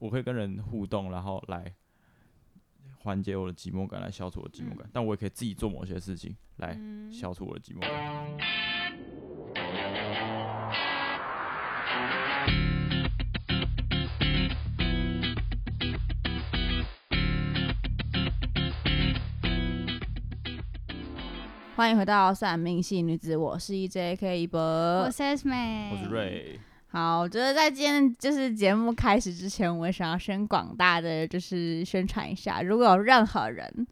我可以跟人互動，然後來緩解我的寂寞感，來消除我的寂寞感。嗯、但我也可以自己做某些事情來消除我的寂寞感。嗯、歡迎回到算命系女子，我是 EJK 一博，我是 Saman，我是瑞。好，我覺得在今天就是節目開始之前，我想要先廣大的就是宣傳一下，如果有任何人，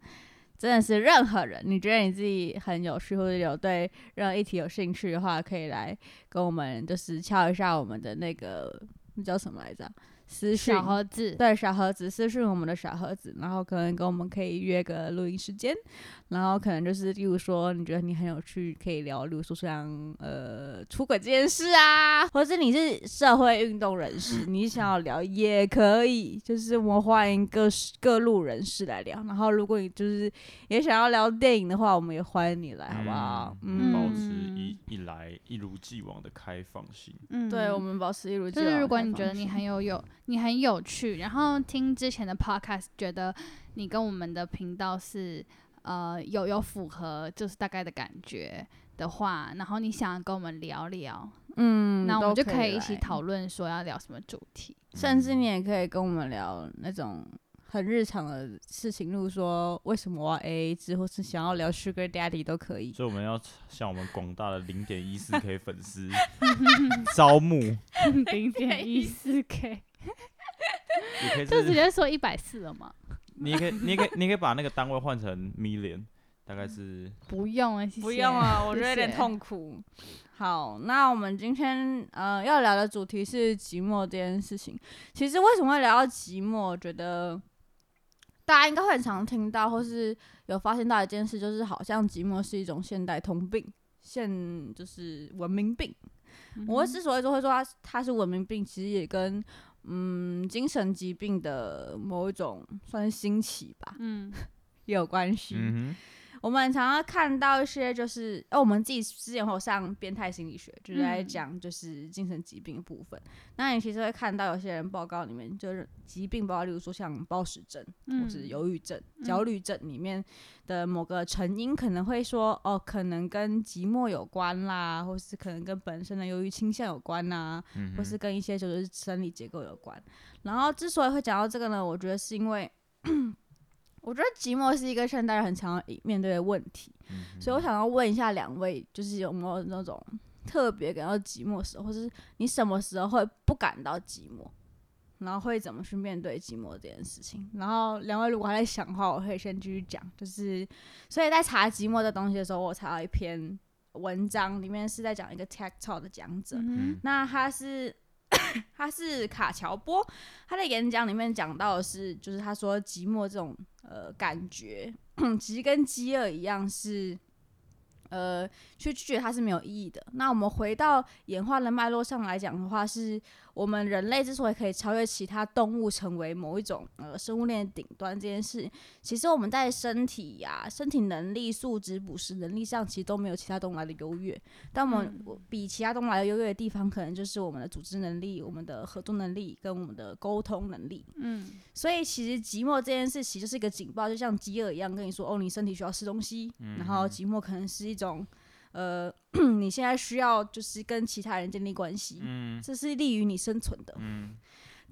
真的是任何人，你覺得你自己很有趣或者有對任何議題有興趣的話，可以來跟我們就是敲一下我們的那個那叫什麼來着？私信小盒子，對，小盒子，私信我們的小盒子，然後可能跟我們可以約個錄音時間。然後可能就是，例如說，你覺得你很有趣，可以聊，例如說像呃出軌這件事啊，或者是你是社會運動人士、嗯，你想要聊也可以，就是我們歡迎各各路人士來聊。然後如果你就是也想要聊電影的話，我們也歡迎你來，好不好？嗯，嗯保持一一來一如既往的開放性。嗯，對我們保持一如既往的開放性、嗯。就是如果你覺得你很有有你很有趣，然後聽之前的 podcast，覺得你跟我們的頻道是。呃，有有符合就是大概的感覺的話，然後你想跟我們聊聊，嗯，那我們就可以一起討論說要聊什麼主題、嗯，甚至你也可以跟我們聊那種很日常的事情，例如說為什麼我 A A 制，或是想要聊 Sugar Daddy 都可以。所以我們要向我們廣大的零點一四 K 粉絲 招募零點一四 K，就直接說一百四了嗎？ 你可以，你可以，你可以把那個單位換成 million， 大概是。不用了、欸，謝謝。不用了、啊，我覺得有點痛苦。謝謝。好，那我們今天呃要聊的主題是寂寞這件事情。其實為什麼會聊到寂寞？我覺得大家應該會很常聽到，或是有發現到一件事，就是好像寂寞是一種現代通病，現就是文明病。嗯、我之所以就會說它它是文明病，其實也跟。嗯，精神疾病的某一種算是興起吧，嗯，也 有關係。嗯我們常常看到一些，就是哦，我們自己之前會有上變態心理學，就是來講就是精神疾病的部分，嗯。那你其實會看到有些人報告裡面，就是疾病包括，例如說像暴食症，嗯，或是憂鬱症、焦慮症裡面的某個成因，可能會說哦，可能跟寂寞有關啦，或是可能跟本身的憂鬱傾向有關吶，啊嗯，或是跟一些就是生理結構有關。然後之所以會講到這個呢，我覺得是因為。 我覺得寂寞是一個現代人很常面對的問題，嗯嗯，所以我想要問一下兩位，就是有沒有那種特別感到寂寞的時候，或是你什麼時候會不感到寂寞，然後會怎麼去面對寂寞這件事情？然後兩位如果還在想的話，我可以先繼續講。就是所以在查寂寞的東西的時候，我查到一篇文章，裡面是在講一個 tech talk 的講者嗯嗯，那他是。 他是卡喬波，他的演講裡面講到的是，就是他說寂寞這種呃感覺， 其實跟飢餓一樣是呃去拒絕它是沒有意義的。那我們回到演化的脈絡上來講的話是。我們人類之所以可以超越其他動物，成為某一種呃生物鏈頂端這件事，其實我們在身體呀、啊、身體能力素質、捕食能力上，其實都沒有其他動物來的優越。但我們比其他動物來的優越的地方，嗯，可能就是我們的組織能力、我們的合作能力跟我們的溝通能力。嗯，所以其實寂寞這件事其實就是一個警報，就像飢餓一樣，跟你說哦，你身體需要吃東西。嗯，然後寂寞可能是一種。呃，你現在需要就是跟其他人建立關係、嗯，這是利於你生存的、嗯。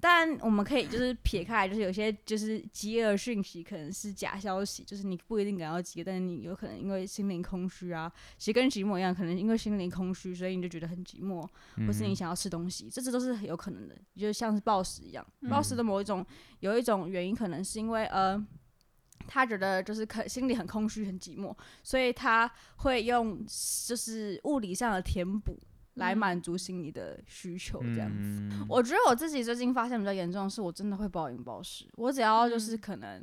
但我們可以就是撇開，就是有些就是飢餓訊息可能是假消息，就是你不一定感到飢餓，但是你有可能因為心靈空虛啊，其實跟寂寞一樣，可能因為心靈空虛，所以你就覺得很寂寞、嗯，或是你想要吃東西，這些都是很有可能的，就像是暴食一樣、嗯，暴食的某一種，有一種原因可能是因為呃。他覺得就是可心裡很空虛很寂寞，所以他會用就是物理上的填補來滿足心理的需求，這樣子、嗯。我覺得我自己最近發現比較嚴重的是，我真的會暴飲暴食。我只要就是可能、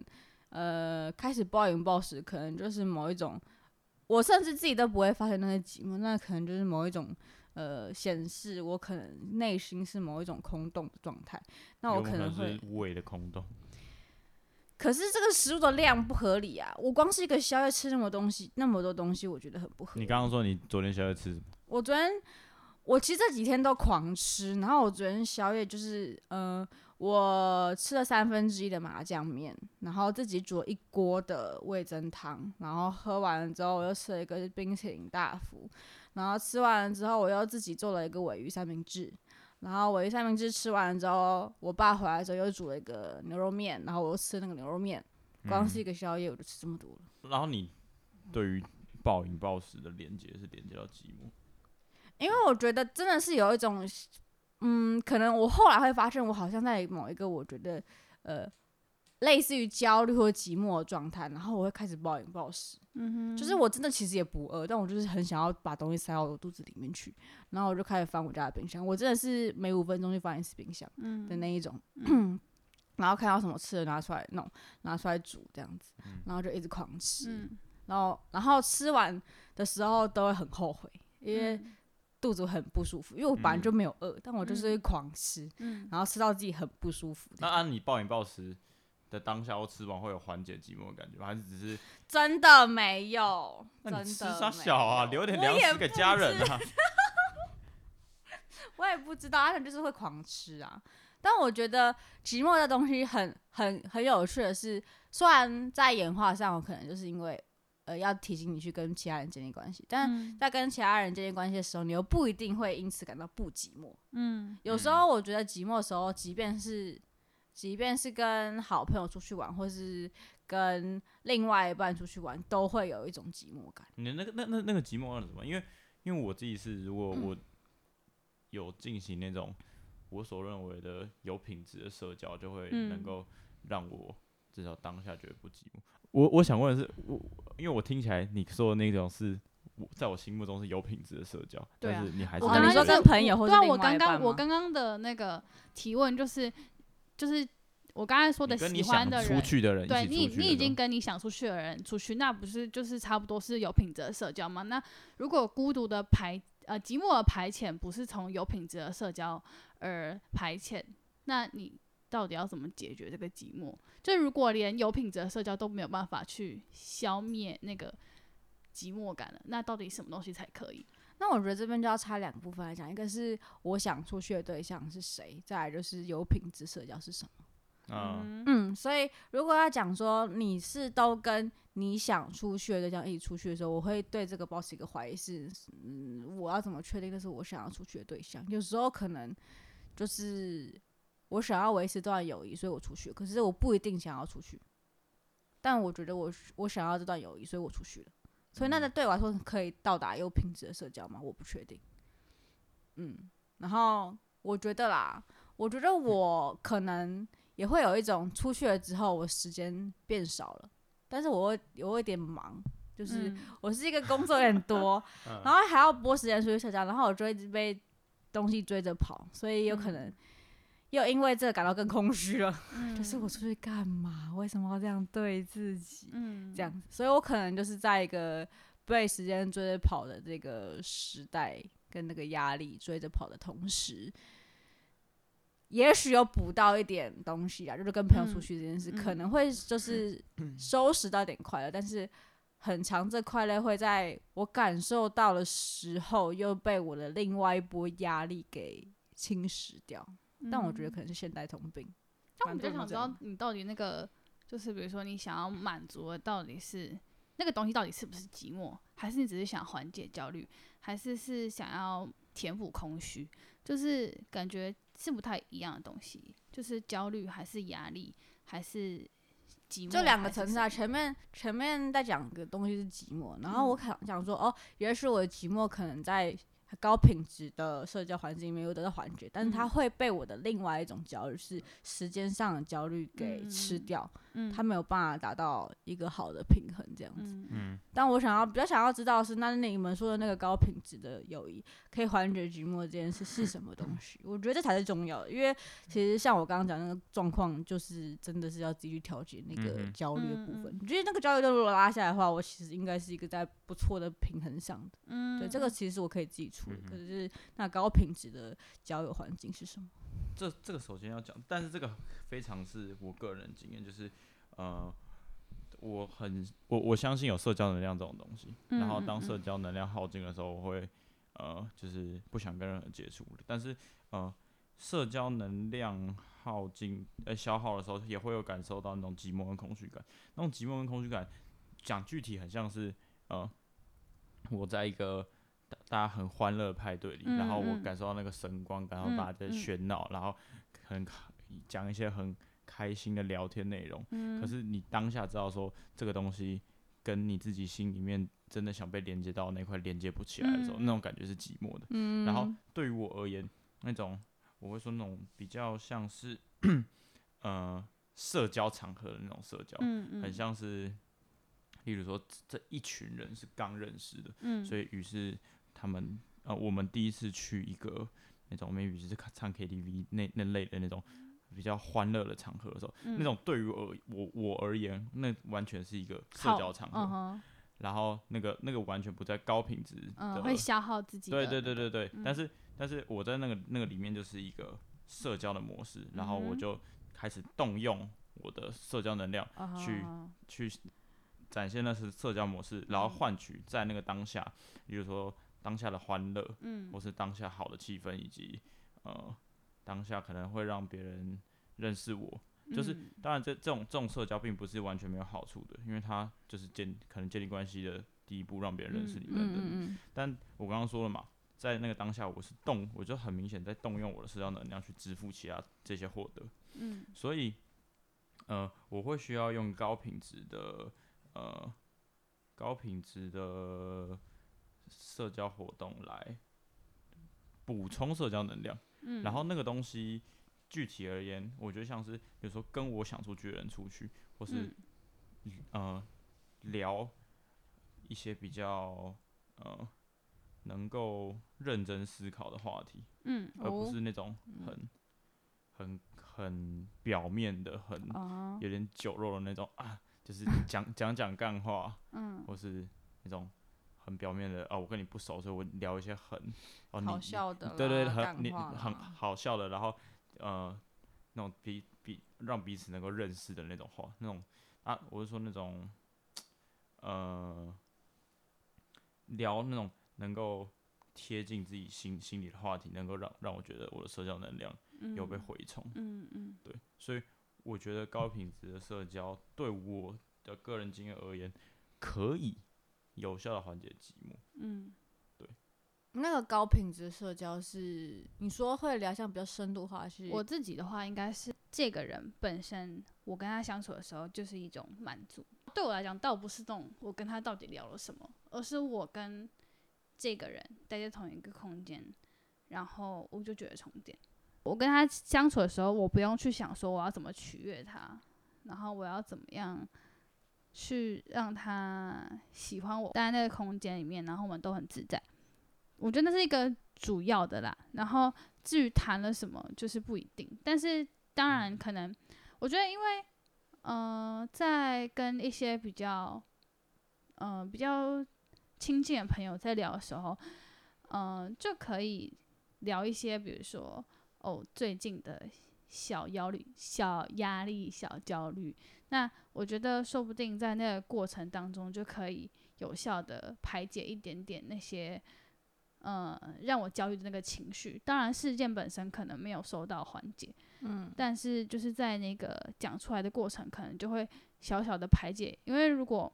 嗯、呃開始暴飲暴食，可能就是某一種，我甚至自己都不會發現那些寂寞，那可能就是某一種呃顯示我可能內心是某一種空洞的狀態，那我可能會有沒有可能是無謂的空洞。可是這個食物的量不合理啊！我光是一個宵夜吃那麼多東西，那麼多東西，我覺得很不合理。你剛剛說你昨天宵夜吃什麼？我昨天我其實這幾天都狂吃，然後我昨天宵夜就是，呃，我吃了三分之一的麻醬麵，然後自己煮了一鍋的味噌湯，然後喝完了之後，我又吃了一個冰淇淋大福，然後吃完了之後，我又自己做了一個鮪魚三明治。然後我一三明治吃完之後，我爸回來之後又煮了一個牛肉麵，然後我又吃那個牛肉麵，光、嗯、是一個宵夜我就吃這麼多了。然後你對於暴飲暴食的連接是連接到寂寞、嗯。因為我覺得真的是有一種，嗯，可能我後來會發現，我好像在某一個我覺得，呃。類似於焦慮或寂寞的狀態，然後我會開始暴飲暴食。嗯哼，就是我真的其實也不餓，但我就是很想要把東西塞到我肚子裡面去。然後我就開始翻我家的冰箱，我真的是每五分鐘就翻一次冰箱的、嗯、那一種。然後看到什麼吃的拿出來弄，拿出來煮這樣子，然後就一直狂吃、嗯。然後，然後吃完的時候都會很後悔，因為肚子很不舒服，因為我本來就沒有餓、嗯，但我就是狂吃、嗯，然後吃到自己很不舒服。那按你暴飲暴食。的當下，我吃完會有緩解寂寞的感覺還是只是真的沒有？真你吃啥小啊，留點糧食給家人啊！我也不知道他可能 就是會狂吃啊。 但我覺得寂寞的東西很、很、很有趣的是，雖然在演化上，我可能就是因為呃要提醒你去跟其他人建立關係，但在跟其他人建立關係的時候，你又不一定會因此感到不寂寞。嗯，有時候我覺得寂寞的時候，即便是。即便是跟好朋友出去玩，或是跟另外一半出去玩，都會有一種寂寞感。你那個、那、那、那個寂寞那是什麼？因為，因為我自己是，如果、嗯、我有進行那種我所認為的有品質的社交，就會能夠讓我至少當下覺得不寂寞。嗯、我我想問的是，我因為我聽起來你說的那種是，在我心目中是有品質的社交、啊，但是你還是、啊、你說個朋友或者我剛剛我剛剛的那個提問就是。就是我剛才說的，喜歡的人，你你出去的人去的，對你，你已經跟你想出去的人出去，那不是就是差不多是有品質的社交嗎？那如果孤獨的排，呃，寂寞的排遣不是從有品質的社交而排遣，那你到底要怎麼解決這個寂寞？就如果連有品質的社交都沒有辦法去消滅那個寂寞感了，那到底什麼東西才可以？那我覺得這邊就要拆兩部分來講，一個是我想出去的對象是誰，再來就是有品質社交是什麼。嗯、oh. 嗯，所以如果要講說你是都跟你想出去的對象一起出去的時候，我會對這個抱持一個懷疑是，嗯，我要怎麼確定這是我想要出去的對象？有時候可能就是我想要維持這段友誼，所以我出去，可是我不一定想要出去。但我覺得我我想要這段友誼，所以我出去了。所以那個對我來說可以到達有品質的社交嗎？我不確定。嗯，然後我覺得啦，我覺得我可能也會有一種出去了之後，我時間變少了，但是我會我有一點忙，就是我是一個工作人很多，嗯，然後還要撥時間出去社交，然後我就會被東西追着跑，所以有可能。又因為這感到更空虛了、嗯，可 是我出去幹嘛？為什麼要這樣對自己？嗯、這樣子，所以我可能就是在一個被時間追着跑的這個時代，跟那個壓力追着跑的同時，也許有補到一點東西啊、嗯，就是跟朋友出去這件事，嗯、可能會就是收拾到一點快樂、嗯，但是很常，這快樂會在我感受到的時候，又被我的另外一波壓力給侵蝕掉。但我覺得可能是現代通病、嗯。但我比較想知道你到底那個，就是比如說你想要滿足的到底是那個東西，到底是不是寂寞，還是你只是想緩解焦慮，還是是想要填補空虛？就是感覺是不太一樣的東西，就是焦慮還是壓力還是寂寞？這兩個層次、啊，前面前面在講個東西是寂寞，然後我想講說、嗯、哦，也許我的寂寞可能在。高品質的社交環境沒有得到緩解，但是它會被我的另外一種焦慮是時間上的焦慮給吃掉。嗯嗯、他沒有辦法達到一個好的平衡這樣子。嗯、但我想要比較想要知道的是，那你們說的那個高品質的友誼可以緩解寂寞這件事是什麼東西、嗯？我覺得這才是重要的，因為其實像我剛剛講的那個狀況，就是真的是要繼續調節那個焦慮的部分。我覺得那個焦慮如果拉下來的話，我其實應該是一個在不錯的平衡上的、嗯。對，這個其實我可以自己處理。可是，就是那高品質的交友環境是什麼？這這個首先要講，但是這個非常是我個人經驗，就是呃，我很我我相信有社交能量這種東西，然後當社交能量耗盡的時候，我會呃就是不想跟任何人接觸，但是呃社交能量耗盡呃消耗的時候，也會有感受到那種寂寞跟空虛感，那種寂寞跟空虛感講具體很像是呃我在一個。大家很歡樂的派對裡嗯嗯，然後我感受到那個神光，然後把大家在喧鬧，嗯嗯，然後很講一些很開心的聊天內容嗯嗯。可是你當下知道說這個東西跟你自己心裡面真的想被連接到那塊連接不起來的時候，嗯，那種感覺是寂寞的。嗯、然後對於我而言，那種我會說那種比較像是 呃社交場合的那種社交，嗯嗯很像是，例如說這一群人是剛認識的，嗯、所以於是。他們呃，我們第一次去一個那種，maybe 就是唱 KTV 那那類的那種比較歡樂的場合的時候，嗯、那種對於我我我而言，那完全是一個社交場合、嗯。然後那個那個完全不在高品質，嗯，會消耗自己、那個。對對對對對。嗯、但是但是我在那個那個裡面就是一個社交的模式、嗯，然後我就開始動用我的社交能量去、嗯、去展現那是社交模式，然後換取在那個當下，比、嗯、如、就是、說。當下的歡樂、嗯，或是當下好的氣氛，以及呃，當下可能會讓別人認識我，就是、嗯、當然這這種這種社交並不是完全沒有好處的，因為它就是建可能建立關係的第一步，讓別人認識你等等、嗯。但我剛剛說了嘛，在那個當下，我是動，我就很明顯在動用我的社交能量去支付其他這些獲得、嗯。所以，呃，我會需要用高品質的，呃，高品質的。社交活動來補充社交能量、嗯，然後那個東西具體而言，我覺得像是比如說跟我想出去的人出去，或是嗯、呃、聊一些比較嗯、呃、能夠認真思考的話題，嗯、而不是那種很很很表面的、很、嗯、有點酒肉的那種啊，就是講講講乾話，或是那種，很表面的啊，哦，我跟你不熟，所以我聊一些很好笑的，對，對對，很你很好笑的，然後呃，那種比比，讓彼此能夠認識的那種話，那種啊，我是說那種呃，聊那種能夠貼近自己心心裡的話題，能夠讓讓我覺得我的社交能量有被回充，嗯嗯，對，所以我覺得高品質的社交，對我的個人經驗而言，嗯，可以。有效的緩解寂寞。嗯，對。那個高品質社交是你說會聊像比較深度的話？是我自己的話，應該是這個人本身，我跟他相處的時候就是一種滿足。對我來講，倒不是這種我跟他到底聊了什麼，而是我跟這個人待在同一個空間，然後我就覺得充電。我跟他相處的時候，我不用去想說我要怎麼取悅他，然後我要怎麼樣。去讓他喜歡我，待在那個空間裡面，然後我們都很自在。我覺得那是一個主要的啦。然後至於談了什麼，就是不一定。但是當然可能，我覺得因為，呃，在跟一些比較，嗯、呃，比較親近的朋友在聊的時候，嗯、呃，就可以聊一些，比如說，哦，最近的。小焦慮、小壓力、小焦慮。那我覺得，說不定在那個過程當中，就可以有效的排解一點點那些，嗯，讓我焦慮的那個情緒。當然，事件本身可能沒有受到緩解，嗯，但是就是在那個講出來的過程，可能就會小小的排解。因為如果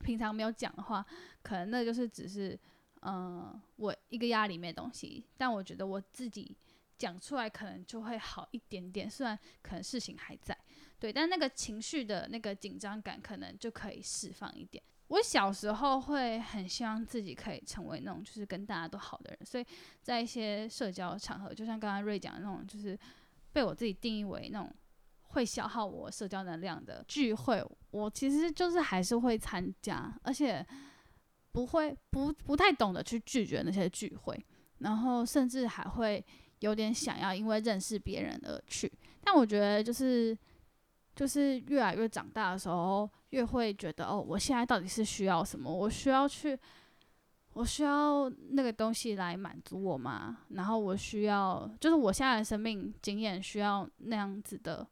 平常沒有講的話，可能那就是只是，嗯，我一個壓力沒東西。但我覺得我自己，講出來可能就會好一點點，雖然可能事情還在，對，但那個情緒的那個緊張感可能就可以釋放一點。我小時候會很希望自己可以成為那種就是跟大家都好的人，所以在一些社交場合，就像剛剛瑞講的那種，就是被我自己定義為那種會消耗我社交能量的聚會，我其實就是還是會參加，而且不會不不太懂得去拒絕那些聚會，然後甚至還會。有點想要因為認識別人而去，但我覺得就是就是越來越長大的時候，越會覺得哦，我現在到底是需要什麼？我需要去，我需要那個東西來滿足我嘛？然後我需要，就是我現在的生命經驗需要那樣子的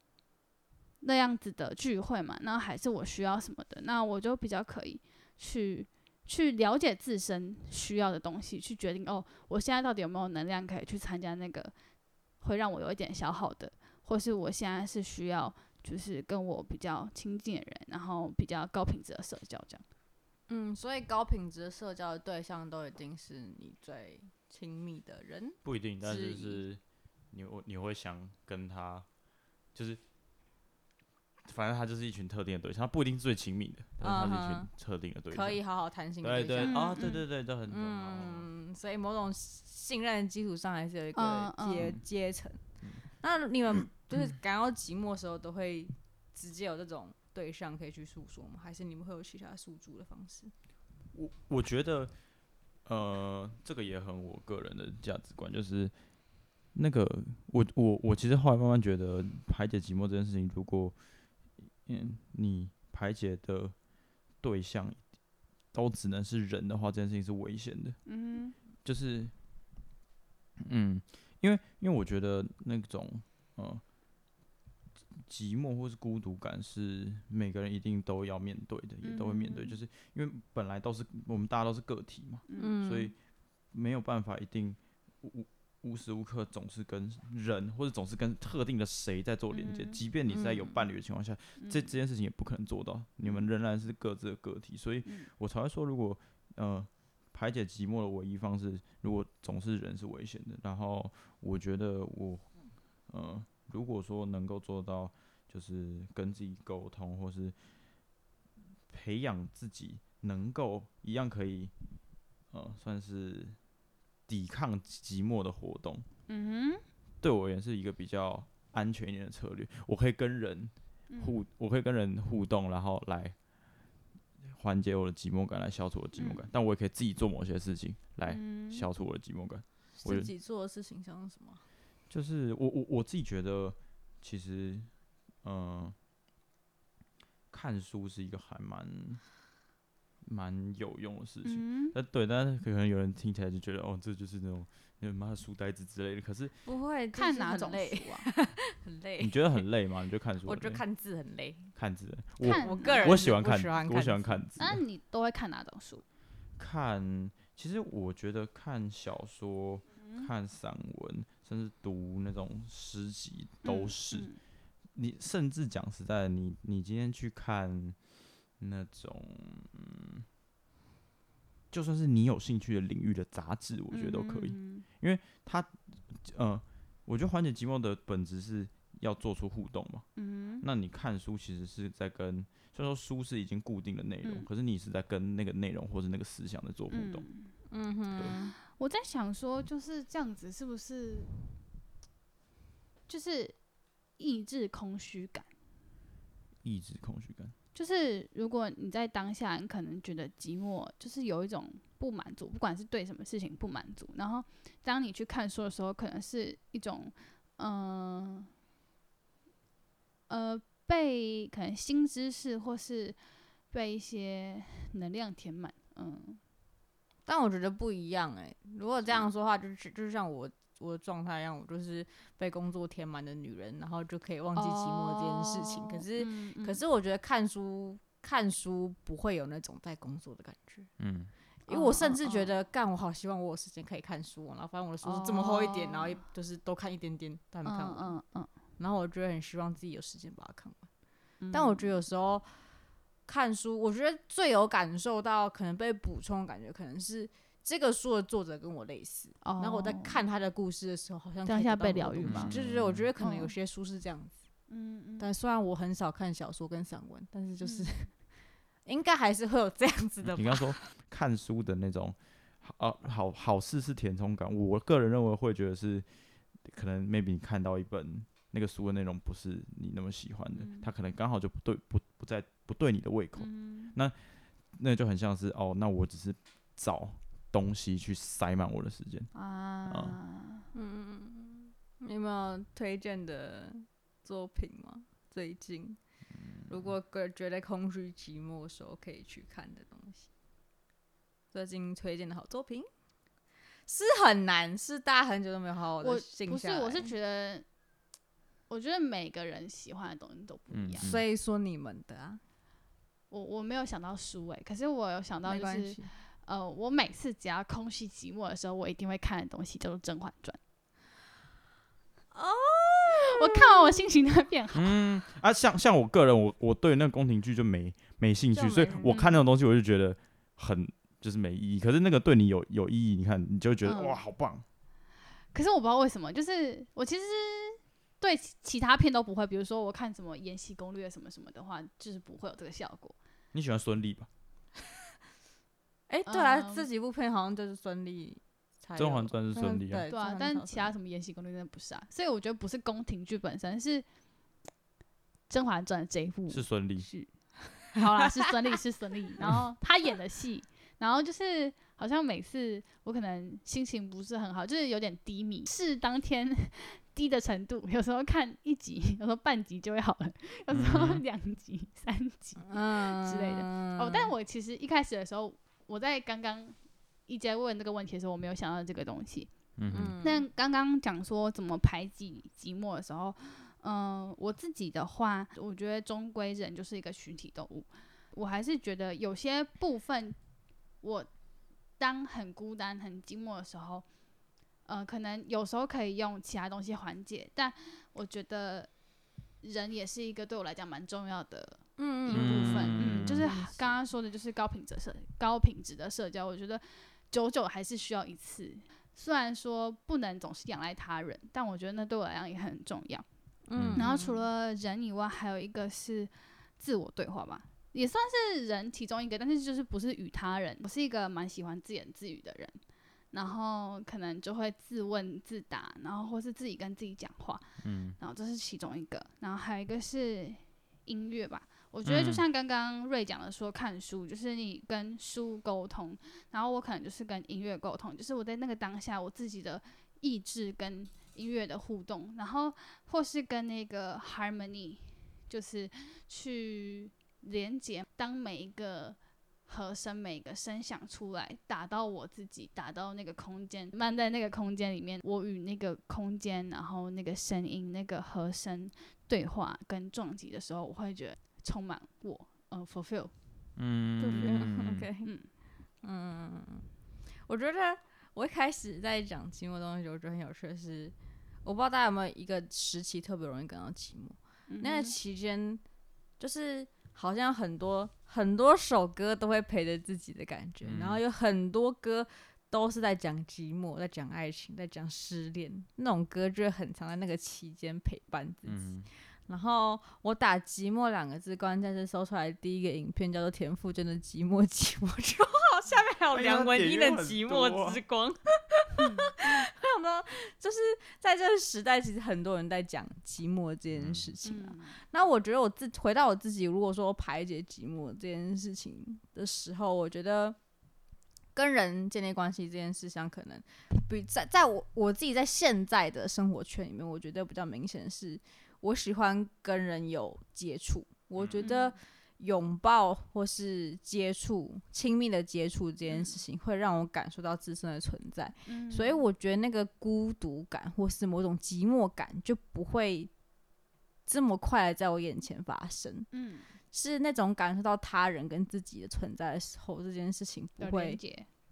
那樣子的聚會嘛？那還是我需要什麼的？那我就比較可以去。去了解自身需要的東西，去決定哦，我現在到底有沒有能量可以去參加那個會讓我有一點消耗的，或是我現在是需要就是跟我比較親近的人，然後比較高品質的社交這樣。嗯，所以高品質社交的對象都一定是你最親密的人？不一定，但是就是你你會想跟他就是。反正他就是一群特定的對象，他不一定是最親密的，但是他是一群特定的對象，uh -huh. 可以好好談心，對對啊，對對對，都、嗯嗯哦、很重要。嗯、啊，所以某種信任基礎上還是有一個階階層。那你們就是感到寂寞的時候，都會直接有這種對象可以去訴說嗎？還是你們會有其他訴諸的方式？我我覺得，呃，這個也很我個人的價值觀，就是那個我我我其實後來慢慢覺得排解寂寞這件事情，如果嗯，你排解的對象都只能是人的話，這件事情是危險的。嗯，就是，嗯，因為因為我覺得那種嗯，呃，寂寞或是孤獨感是每個人一定都要面對的，嗯，也都會面對，就是因為本來都是我們大家都是個體嘛，嗯，所以沒有辦法一定我。無時無刻總是跟人，或者總是跟特定的誰在做連接，嗯，即便你是在有伴侶的情況下，嗯，這這件事情也不可能做到。你們仍然是各自的個體，所以我才會說，如果呃排解寂寞的唯一方式，如果總是人是危險的，然後我覺得我呃，如果說能夠做到，就是跟自己溝通，或是培養自己能夠一樣可以，呃，算是。抵抗寂寞的活動，嗯哼，對我而言是一個比較安全一點的策略。我可以跟人互，嗯、我可以跟人互動，然後來緩解我的寂寞感，來消除我的寂寞感。嗯、但我也可以自己做某些事情來消除我的寂寞感。嗯、我自己做的事情像什麼？就是我我我自己覺得，其實，嗯、呃，看書是一個還蠻。蠻有用的事情，那、嗯、對，但是可能有人聽起來就覺得，哦，這就是那種，那什麼書呆子之類的。可是不會是看哪種書啊， 很累。你覺得很累嗎？你就看書，我就看字很累。看字，我我我個人我喜歡看，喜歡看我喜歡看字、啊。那你都會看哪種書？看，其實我覺得看小說、看散文、嗯，甚至讀那種詩集都是。嗯嗯、你甚至講實在的，你你今天去看。那種、嗯，就算是你有興趣的領域的雜誌，我覺得都可以，嗯哼嗯哼。因為他，嗯、呃，我覺得緩解寂寞的本質是要做出互動嘛、嗯。那你看書其實是在跟，雖然說書是已經固定的內容、嗯，可是你是在跟那個內容或者那個思想在做互動。嗯、嗯哼。對。我在想說，就是這樣子，是不是？就是抑制空虛感。抑制空虛感。就是如果你在當下，你可能覺得寂寞，就是有一種不滿足，不管是對什麼事情不滿足。然後，當你去看書的時候，可能是一種，嗯、呃，呃，被可能新知識或是被一些能量填滿，嗯、呃。但我覺得不一樣誒、欸，如果這樣說話，就是就是像我。我的狀態讓我就是被工作填滿的女人，然後就可以忘記寂寞這件事情。Oh, 可是、嗯嗯，可是我覺得看書，看書不會有那種在工作的感覺。嗯，因為我甚至覺得，干、oh, uh, uh. 我好希望我有時間可以看書。然後，反正我的書是這麼厚一點，oh, 然後一就是多看一點點，但沒有看完。嗯嗯。然後我覺得很希望自己有時間把它看完、嗯。但我覺得有時候看書，我覺得最有感受到可能被補充的感覺，可能是。這個書的作者跟我類似，然後我在看他的故事的時候，好像當下被療癒嘛，就是我覺得可能有些書是這樣子，嗯，嗯但雖然我很少看小說跟散文、嗯，但是就是、嗯、應該還是會有這樣子的。你剛說看書的那種，好好好，好事是填充感。我個人認為會覺得是，可能 maybe 你看到一本那個書的內容不是你那麼喜歡的，他、嗯、可能剛好就不對不不在不對你的胃口，嗯、那那就很像是哦，那我只是找，東西去塞滿我的時間啊，嗯，你有沒有推薦的作品嗎？最近、嗯、如果覺得空虛寂寞的時候可以去看的東西。最近推薦的好作品是很難，是大家很久都沒有好好的我，我不是，我是覺得，我覺得每個人喜歡的東西都不一樣，嗯、所以說你們的啊，我我沒有想到書誒、欸，可是我有想到就是。呃，我每次只要空虛寂寞的時候，我一定會看的東西叫做《甄嬛傳》。哦、oh，我看完我心情都會變好。嗯，啊，像像我個人，我我對那宮廷劇就沒沒興趣沒，所以我看那種東西我就覺得很就是沒意義、嗯。可是那個對你有有意義，你看你就覺得、嗯、哇好棒。可是我不知道為什麼，就是我其實對其他片都不會，比如說我看什麼《延禧攻略》什麼什麼的話，就是不會有這個效果。你喜歡孫儷吧？哎、欸嗯啊，對啊，這幾部片好像就是孫儷。《甄嬛傳》是孫儷啊。對啊，但其他什麼《延禧攻略》真的不是啊，所以我覺得不是宮廷劇本身，是《甄嬛傳》這一部。是孫儷。是。好啦，是孫儷， 是孫儷。然後他演的戲，然後就是好像每次我可能心情不是很好，就是有點低迷。是當天低的程度，有時候看一集，有時候半集就會好了，有時候兩集、嗯、三集，嗯之類的。哦、oh，但我其實一開始的時候。我在剛剛一直在問這個問題的時候，我沒有想到這個東西。嗯，但剛剛講說怎麼排解寂寞的時候，嗯、呃，我自己的話，我覺得終歸人就是一個群體動物。我還是覺得有些部分，我當很孤單、很寂寞的時候，嗯、呃，可能有時候可以用其他東西緩解，但我覺得人也是一個對我來講蠻重要的。嗯嗯，一部分，嗯，嗯，就是剛剛說的，就是高品質社高品質的社交，我覺得久久還是需要一次。雖然說不能總是仰賴他人，但我覺得那對我來講也很重要。嗯，然後除了人以外，還有一個是自我對話吧，也算是人其中一個，但是就是不是與他人。我是一個蠻喜歡自言自語的人，然後可能就會自問自答，然後或是自己跟自己講話。嗯，然後這是其中一個，然後還有一個是。音樂吧，我覺得就像剛剛瑞講的說，嗯、看書就是你跟書溝通，然後我可能就是跟音樂溝通，就是我在那個當下，我自己的意志跟音樂的互動，然後或是跟那個 harmony，就是去連接，當每一個和聲、每個聲響出來，打到我自己，打到那個空間，漫在那個空間裡面，我與那個空間，然後那個聲音、那個和聲。對話跟撞擊的時候，我會覺得充滿我，嗯、呃、，fulfill，嗯 o 嗯，嗯、okay，嗯，嗯，我覺得我一開始在講寂寞東西的時候，我覺得很有趣的是，我不知道大家有沒有一個時期特別容易感到寂寞、嗯嗯，那個、期間就是好像很多很多首歌都會陪着自己的感覺、嗯，然後有很多歌。都是在講寂寞，在講愛情，在講失戀，那種歌就是很常在那個期間陪伴自己，嗯。然後我打“寂寞”兩個字關，關鍵是搜出來第一個影片叫做田馥甄的《寂寞寂寞就好》，下面還有梁文音的《寂寞之光》哎。我想說， 嗯、 就是在這個時代，其實很多人在講寂寞這件事情啊。嗯、那我覺得，我自回到我自己，如果說排解寂寞這件事情的時候，我覺得。跟人建立關係這件事情，可能比在在我我自己在現在的生活圈裡面，我覺得比較明顯的是，我喜歡跟人有接觸。我覺得擁抱或是接觸，親密的接觸這件事情，會讓我感受到自身的存在。所以我覺得那個孤獨感或是某種寂寞感就不會這麼快在我眼前發生。嗯。是那種感受到他人跟自己的存在的時候，這件事情不會，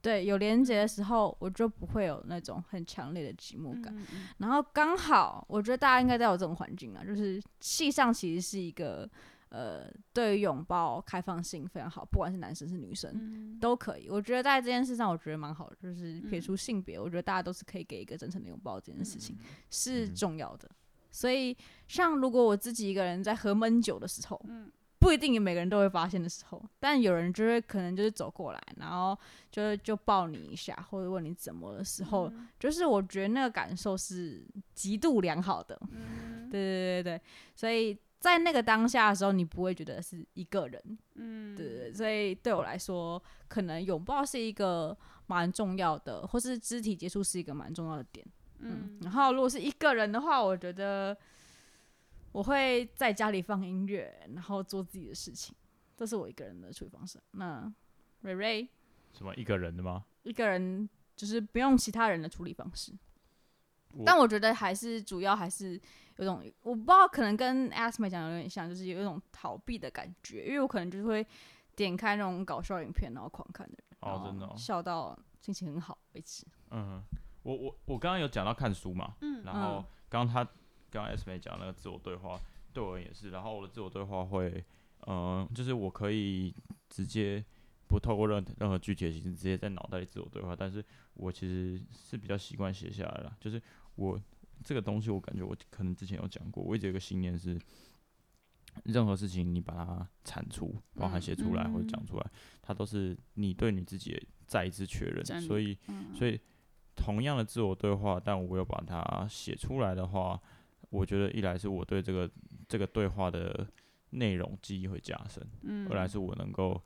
對，有連接的時候，我就不會有那種很強烈的寂寞感。嗯嗯然後剛好，我覺得大家應該都有這種環境啊，就是戲上其實是一個呃，對於擁抱開放性非常好，不管是男生是女生、嗯、都可以。我覺得在這件事上，我覺得蠻好的，就是撇除性別、嗯，我覺得大家都是可以給一個真誠的擁抱。這件事情、嗯、是重要的。嗯、所以像如果我自己一個人在喝悶酒的時候，嗯不一定每個人都會發現的時候，但有人就會可能就是走過來，然後就是就抱你一下，或者問你怎麼的時候、嗯，就是我覺得那個感受是極度良好的、嗯。對對對對，所以在那個當下的時候，你不會覺得是一個人。嗯、對、對對，所以對我來說，可能擁抱是一個蠻重要的，或是肢體接觸是一個蠻重要的點嗯。嗯，然後如果是一個人的話，我覺得。我會在家裡放音樂，然後做自己的事情，這是我一個人的處理方式。那瑞瑞，什麼一個人的嗎？一個人就是不用其他人的處理方式。我但我覺得還是主要還是有種，我不知道，可能跟阿斯美講有點像，就是有一種逃避的感覺，因為我可能就是會點開那種搞笑影片，然後狂看的人。哦，真的哦，笑到心情很好為止。嗯，我我我剛剛有講到看書嘛，嗯，然後剛剛他，嗯。剛剛 S 妹講那個自我對話，對我也是。然後我的自我對話會，嗯、呃，就是我可以直接不透過任任何具體的形式，直接在腦袋裡自我對話。但是我其實是比較習慣寫下來了。就是我這個東西，我感覺我可能之前有講過。我一直有一個信念是，任何事情你把它產出，包含寫出來或者講出來、嗯嗯，它都是你對你自己再一次確認的所、嗯。所以，所以同樣的自我對話，但我有把它寫出來的話。我覺得一來是我對這個這個對話的內容記憶會加深，嗯、二來是我能夠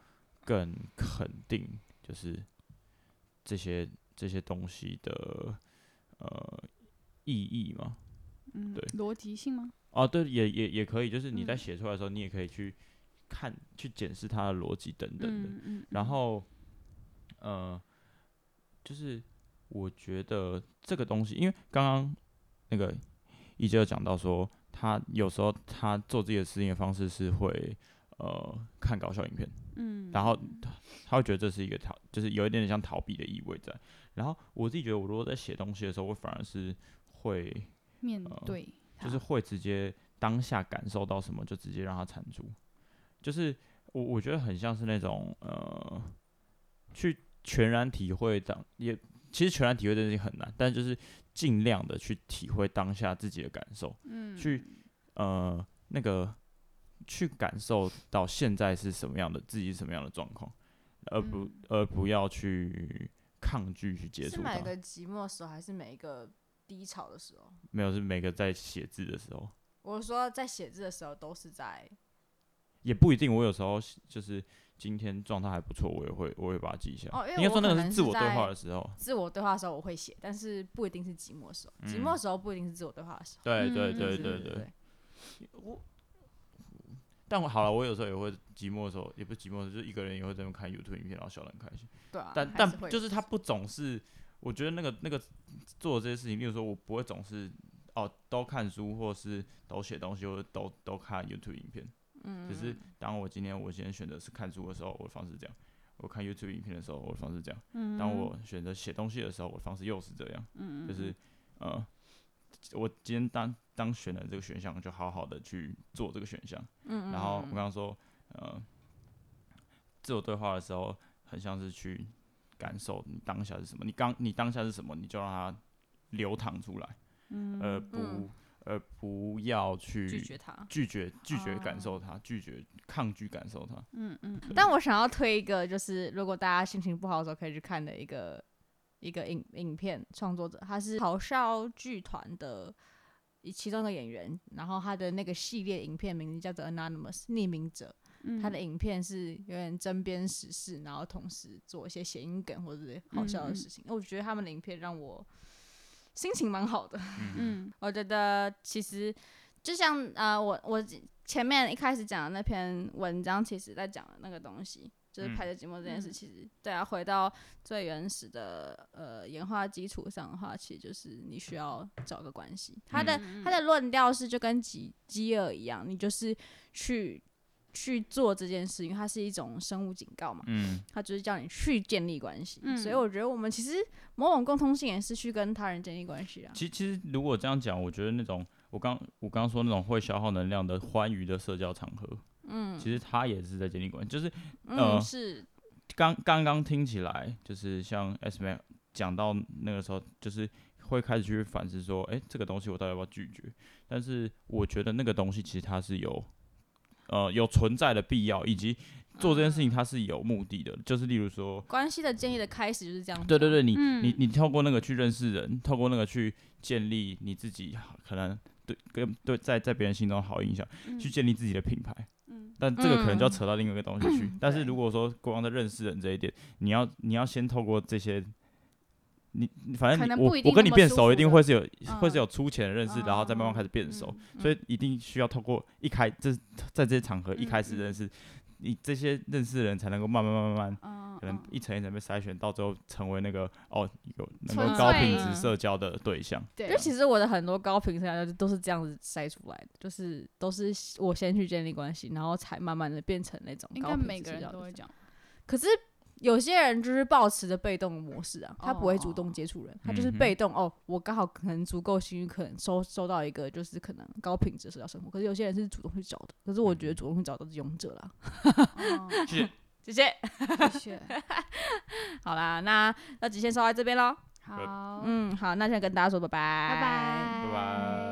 更肯定，就是這些這些東西的呃意義嘛、嗯，對，邏輯性嗎？啊，對，也也也可以，就是你在寫出來的時候、嗯，你也可以去看去檢視它的邏輯等等的，嗯嗯、然後呃，就是我覺得這個東西，因為剛剛那個。一直有講到說，他有時候他做自己的事情的方式是會，呃，看搞笑影片，嗯，然後他他會覺得這是一個逃，就是有一點點像逃避的意味在。然後我自己覺得，我如果在寫東西的時候，我反而是會、呃、面對，就是會直接當下感受到什麼，就直接讓它產出。就是我我覺得很像是那種呃，去全然體會這樣。其實全然體會這件事情很難，但就是盡量的去體會當下自己的感受，嗯、去呃那個去感受到現在是什麼樣的，自己是什麼樣的狀況，而不、嗯、而不要去抗拒去接觸。是每個寂寞的時候，還是每一個低潮的時候？沒有，是每個在寫字的時候。我說在寫字的時候都是在。也不一定，我有時候就是今天狀態還不錯，我也會，我會把它記一下。哦，應該說那個是自我對話的時候，自我對話的時候我會寫，但是不一定是寂寞的時候、嗯。寂寞的時候不一定是自我對話的時候。對對對對對。嗯就是、對對對對我，但我好了、啊，我有時候也會寂寞的時候，也不寂寞的時候，就一個人也會在那看 YouTube 影片，然後笑得很開心。對啊。但但就是他不總是，我覺得那個那個做的這些事情，例如說，我不會總是哦都看書，或是都寫東西，或都都看 YouTube 影片。嗯，就是當我今天我今天選擇是看書的時候，我的方式是這樣；我看 YouTube 影片的時候，我的方式是這樣。嗯，當我選擇寫東西的時候，我的方式又是這樣。嗯就是，呃，我今天當當選的這個選項，就好好的去做這個選項。嗯，然後我剛剛說，呃，自我對話的時候，很像是去感受你當下是什麼。你剛你當下是什麼，你就讓它流淌出來。嗯，而不。嗯而、呃、不要去拒絕他拒絕，他拒絕拒絕感受他、啊、拒絕抗拒感受他嗯、嗯。嗯 但我想要推一個，就是如果大家心情不好的時候可以去看的一個一個影影片創作者，他是好笑劇團的一其中的演員，然後他的那個系列影片名字叫做 Anonymous 匿名者。嗯、他的影片是有點真編時事，然後同時做一些諧音梗或者好笑的事情。那、嗯、我覺得他們的影片讓我。心情蠻好的，嗯， 我覺得其實就像呃，我我前面一開始講的那篇文章，其實在講的那個東西，就是拍的寂寞這件事，嗯。其實，對啊，回到最原始的呃演化基礎上的話，其實就是你需要找個關係。他的他的論調是就跟飢飢餓一樣，你就是去。去做這件事，因為它是一種生物警告嘛，嗯，它就是叫你去建立關係，嗯，所以我覺得我們其實某種共通性也是去跟他人建立關係啊。其實，其實如果這樣講，我覺得那種我剛我剛剛說那種會消耗能量的歡愉的社交場合，嗯，其實它也是在建立關係，就是嗯、呃，是，剛剛剛聽起來就是像 SM 講到那個時候，就是會開始去反思說，哎、欸，這個東西我到底要不要拒絕？但是我覺得那個東西其實它是有。呃，有存在的必要，以及做這件事情它是有目的的，嗯、就是例如說，關係的建立的開始就是這樣。對對對，你、嗯、你你透過那個去認識人，透過那個去建立你自己可能對跟對在在別人心中好印象、嗯，去建立自己的品牌。嗯，但這個可能就要扯到另外一個東西去。嗯、但是如果說光在認識人這一點，你要你要先透過這些。你反正我我跟你變熟一定會是有、嗯、會是有粗淺的認識，然後再慢慢開始變熟、嗯，所以一定需要透過一開這在這些場合一開始認識，你這些認識的人才能夠慢慢慢慢可能一層一層被篩選，到最後成為那個哦有能夠高品質社交的對象、嗯。哦、對，嗯、其實我的很多高品質社交都是這樣子篩出來的，就是都是我先去建立關係，然後才慢慢的變成那種。應該每個人都會這樣，可是。有些人就是抱持着被動的模式啊，他不會主動接觸人，oh. 他就是被動哦。我剛好可能足夠幸運，可能收收到一個就是可能高品質社交生活。可是有些人是主動去找的，可是我覺得主動去找的是勇者啦。 oh. 謝謝，謝謝，謝謝。好啦，那那今天收在這邊嘍。好，嗯，好，那現在跟大家說拜拜，拜拜，拜拜。